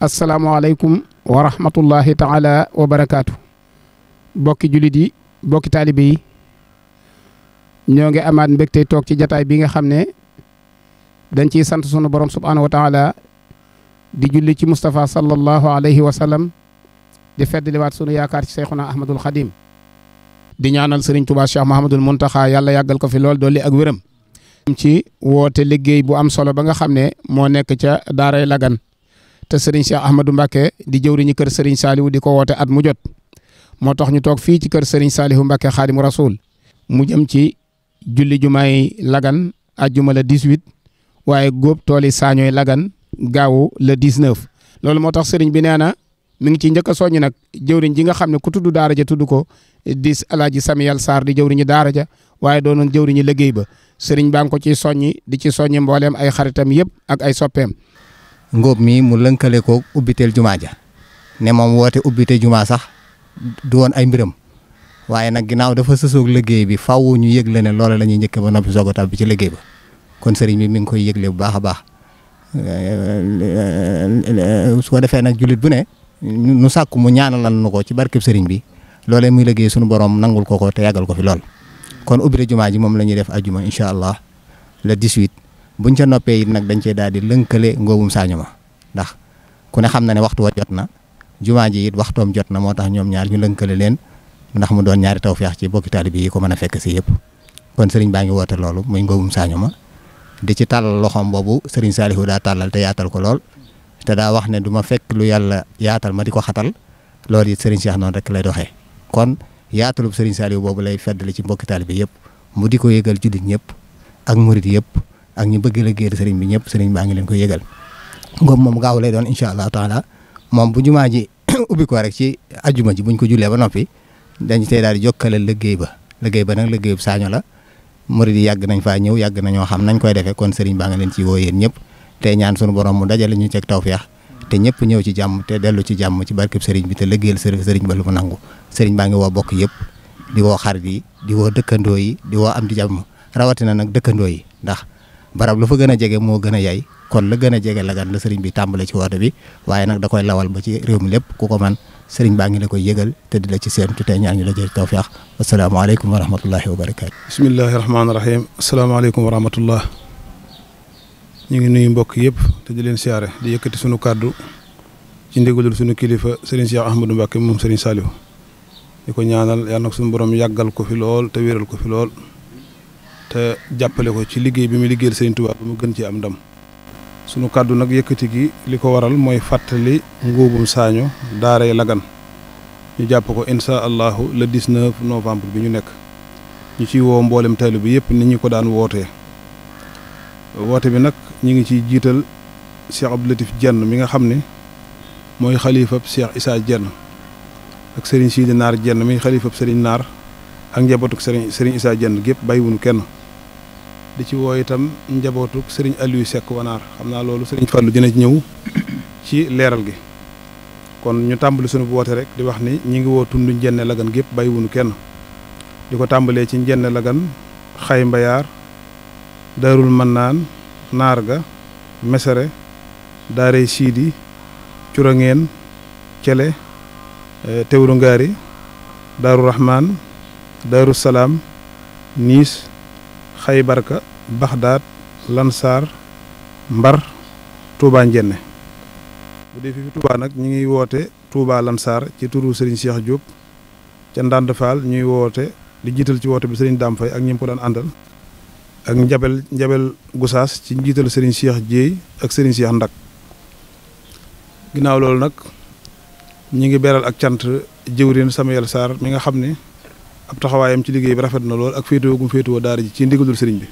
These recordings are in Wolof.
asalaamaaleykum wa rahmatullahi taala wa barakaatu bokki jullit yi bokki taalibe yi ñoo ngi amaat mbégte toog ci jataay bii nga xam ne dañ ciy sant sunu borom subhaanahu wa taala di julli ci Moustapha sallallahu alayhi wa sallam di feddliwaat sunu yaakaar ci Seyxuna Ahmadul Xadim di ñaanal Serigne Touba Cheikh Mahamadul Muntaxa yàlla yàggal ko fi lool dolli ak wéram. ci woote liggéey bu am solo ba nga xam ne moo nekk ca daaray Lagan te Serigne Cheikh Ahmadou Mbacke di jëwriñu kër Serigne Saliou di ko woote at mu jot moo tax ñu toog fii ci kër Serigne Saliou Mbacke Xaadimu Rasuul mu jëm ci julli jumaay Lagan la le 18 waaye góob tooli saañooy Lagan gaawu le 19. loolu moo tax Serigne bi nee na mi ngi ci njëkk soññi nag jëwriñ ji nga xam ne ku tuddu daara ja tudd ko di Alaaji Samiyal Sarr di jëwriñu daara ja waaye doonoon jëwriñu liggéey ba Serigne baa ngi ko ciy soññi di ci soññi mbooleem ay xaritam yëpp ak ay soppeem. ngóob mi mu lënkale ko ubbiteel jumaa ja ne moom woote ubbite jumaa sax du woon ay mbiram waaye nag ginnaaw dafa sësoog liggéey bi faw ñu yëgle ne loola la ñuy njëkk ba noppi soog a tàbbi ci liggéey ba kon sëriñ bi mi ngi koy yëgle bu baax a baax su ko defee nag jullit bu ne nu sàkku mu ñaanalal nu ko ci barkeb sëriñ bi loolee muy liggéey sunu borom nangul ko ko te yàggal ko fi lool kon ubbite jumaa ji moom la ñuy def ajuma incha allah le 18 buñ ca noppee it nag dañ cee daal di lënkale ngóobum saañuma ndax ku ne xam na ne waxtu wa jot na jumaa ji it waxtoom jot na moo tax ñoom ñaar ñu lënkale leen ndax mu doon ñaari taw tawfeex ci bokki taalibe yi ko mën a fekk si yëpp kon sëriñ baa ngi woote loolu muy ngóobum saañuma di ci tàll loxoom boobu sëriñ Saalihu daa tàllal te yaatal ko lool te daa wax ne du ma fekk lu yàlla yaatal ma di ko xatal loolu it sëriñ Cheikh noonu rek lay doxee kon yaatalub sëriñ Saalihu boobu lay feddali ci mbokki taalibe yëpp mu di ko yëgal jullit ñëpp ak murit yëpp ak ñu bëgg liggéeyal sëriñ bi ñëpp sëriñ baa ngi leen ko yëgal ngoom moom gaaw lay doon incha allahu taala moom bu jumaa ji ubbi ko rek ci ajjuma ji buñ ko julee ba noppi dañ tey daal di jokkale liggéey ba liggéey ba nag liggéey bu saaño la murid yi yàgg nañ faa ñëw yàgg nañoo xam nañ koy defee kon sëriñ baa ngi leen ci woo yéen ñëpp te ñaan sunu borom mu dajale ñu taw tawfeex te ñëpp ñëw ci jàmm te dellu ci jàmm ci barkeb sëriñ bi te liggéeyal sëriñ ba lu mu nangu sëriñ baa ngi woo bokk yëpp di woo xarit yi di dëkkandoo yi di woo am di rawatina nag dëkkandoo yi ndax barab lu fa gën a jege moo gën a yay kon la gën a jege lagan la sëriñ bi tàmbale ci woote bi waaye nag da koy lawal ba ci réew mi lépp ku ko man sëriñ baa ngi la koy yëgal te di la ci séentu te ñaan ñu la jël tawfiix asalaamaaleykum wa rahmatullahi wa barakaatu bismillahi rahmaani rahim asalaamaaleykum wa rahmatullah ñu ngi nuyu mbokk yëpp te di leen siyaare di yëkkati sunu kàddu ci ndigalul sunu kilifa sëriñ Cheikh Ahmadou Mbacke moom sëriñ Saliou ko ñaanal yàlla nag suñu borom yàggal ko fi lool te ko fi lool te jàppale ko ci liggéey bi mu liggéeyal Serigne Touba ba mu gën ci am ndam sunu kàddu nag yëkkati gi li ko waral mooy fàttali ngóobum saañu daaray lagan ñu jàpp ko incha allahu le 19 novembre bi ñu nekk ñu ciy woo mboolem taalibe bi yëpp ni ñu ko daan wootee woote bi nag ñu ngi ciy jiital Cheikh Abdou Latif Jenn mi nga xam ni mooy xalifab Cheikh Issa Jenn ak Serigne di Naar Jenn mi xalifab Serigne Naar ak njabootuk Serigne Serigne Issa Jenn gépp bàyyiwuñu kenn li ci woo itam njabootuk sëriñ Aliou Seck wanaar xam naa loolu sëriñ Fallou dina ci ñëw ci leeral gi kon ñu tàmbali sunu boote rek di wax ni ñu ngi woo tund njenne lagan gépp bàyyi wunu kenn di ko tàmbalee ci njenne lagan xay mbayaar daarul mannaan naarga mesere daarey siidi curangeen cele eh, tewru ngaari daaru rahmaan daaru salaam niis xay barka baxdaat lansaar mbar Touba njenne bu dee fi fi Touba nag ñu ngi woote lan saar ci turu Serigne Cheikh Diop ca Ndande Fall ñuy woote di jiital ci woote bi Serigne Dame Faye ak ñi mu ko daan àndal ak njabel njabel gusaas ci njiital Serigne Cheikh Dieye ak sëriñ Cheikh Ndak ginnaaw loolu nag ñu ngi beral ak cant jëwriñ Samuel Sarr mi nga xam ni ab taxawaayam ci liggéey bi rafet na lool ak féetewoo gum féetewoo daara ji ci ndigalul Serigne bi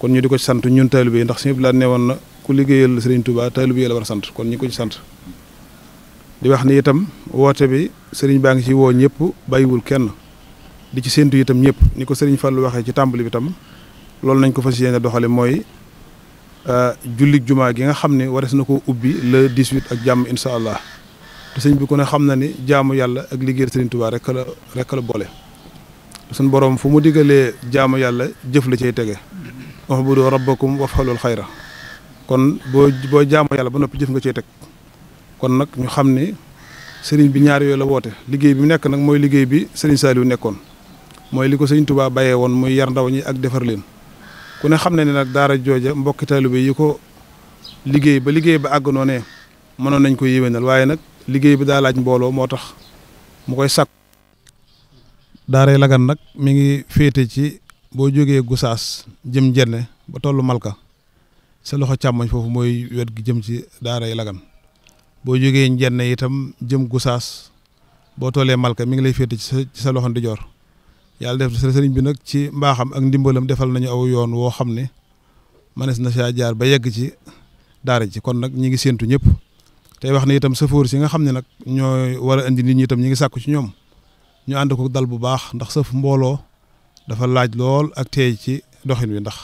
kon ñu di ko ci sant ñun taalibe yi ndax suñu laa ne woon na ku liggéeyal Serigne Touba taalibe yi la war a sant kon ñu ko ci sant di wax ni itam woote bi sëriñ baa ngi ci woo ñëpp bàyyiwul kenn di ci séntu itam ñëpp ni ko Serigne lu waxee ci tàmbali bi tam loolu nañ ko fas yéene doxale mooy euh, jullig jumaa gi nga xam ne wares na ko ubbi le 18 ak jàmm incha allah te sëñ bi ku ne xam na ni jaamu yàlla ak liggéeyal sëriñ tubaa rek la rek la boole suñu borom fu mu diggalee jaamu yàlla jëf la cay tege. ubudu rabbakum wafalul xayra kon boo boo jaamoo yàlla ba noppi jëf nga cee teg kon nag ñu xam ne sëriñ bi ñaar yooyu la woote liggéey bi nekk nag mooy liggéey bi sëriñ Saliou nekkoon mooy li ko sëriñ Touba bàyyee woon muy yar ndaw ñi ak defar leen ku ne xam ne ne nag daara jooja mbokki taalibe yi ko liggéey ba liggéey ba àgg noonee mënoon nañ ko yéwénal waaye nag liggéey bi daa laaj mbooloo moo tax mu koy sàkk daaray Lagane nag mi ngi féete boo jógee Gosaas jëm Jenne ba tollu Malka sa loxo càmmoñ foofu mooy wet gi jëm ci daara yi Lagan boo jógee Jenne itam jëm Gosaas boo tollee Malka mi ngi lay féete ci sa sa loxo ndijoor yàlla def sëriñ bi nag ci mbaaxam ak ndimbalam defal nañu aw yoon woo xam ne manes na saa jaar ba yegg ci daara ji kon nag ñi ngi séentu ñëpp te wax ne itam safoor si nga xam ne nag ñooy war a indi nit ñi itam ngi sàkku ci ñoom ñu ànd ko dal bu baax ndax sëf mbooloo dafa laaj lool ak teey ci doxin wi ndax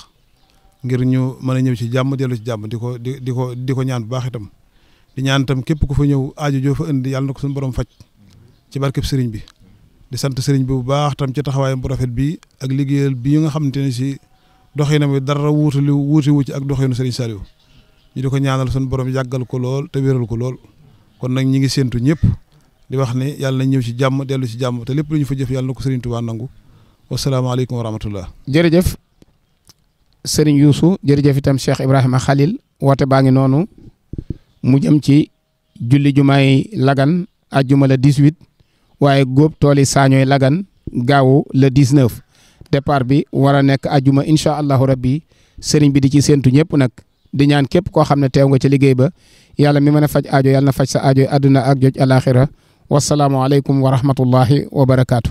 ngir ñu mën a ñëw ci jàmm dellu ci jàmm di ko di di ko di ko ñaan bu baax itam di ñaan itam képp ku fa ñëw aaju joo indi yàlla na ko suñu borom faj ci barkeb sëriñ bi di sant sëriñ bi bu baax tam ci taxawaayam bu rafet bi ak liggéeyal bii nga xamante ne si doxinam wi dara wuutali wuuti wu ci ak doxinu sëriñ Saliou ñu di ko ñaanal suñu borom yàggal ko lool te wéral ko lool kon nag ñi ngi séentu ñëpp di wax ne yàlla na ñëw ci jàmm dellu ci jàmm te lépp lu ñu fa jëf yàlla na ko sëriñ Tuubaa nangu wasalaamaaleykum wa rahmatullah jërëjëf sëriñ Youssou jërëjëf itam Cheikh Ibrahima Khalil woote baa ngi noonu mu jëm ci julli jumaay Lagan ajjuma la 18 waaye góob tool yi saañooy Lagan gaawu le 19 départ bi war a nekk ajjuma incha allahu rabbi sëriñ bi di ci séentu ñëpp nag di ñaan képp koo xam ne teew nga ci liggéey ba yàlla mi mën a faj aajo yàlla na faj sa aajo àdduna ak joj alaxira wasalaamualeykum wa rahmatullahi wa barakaatu.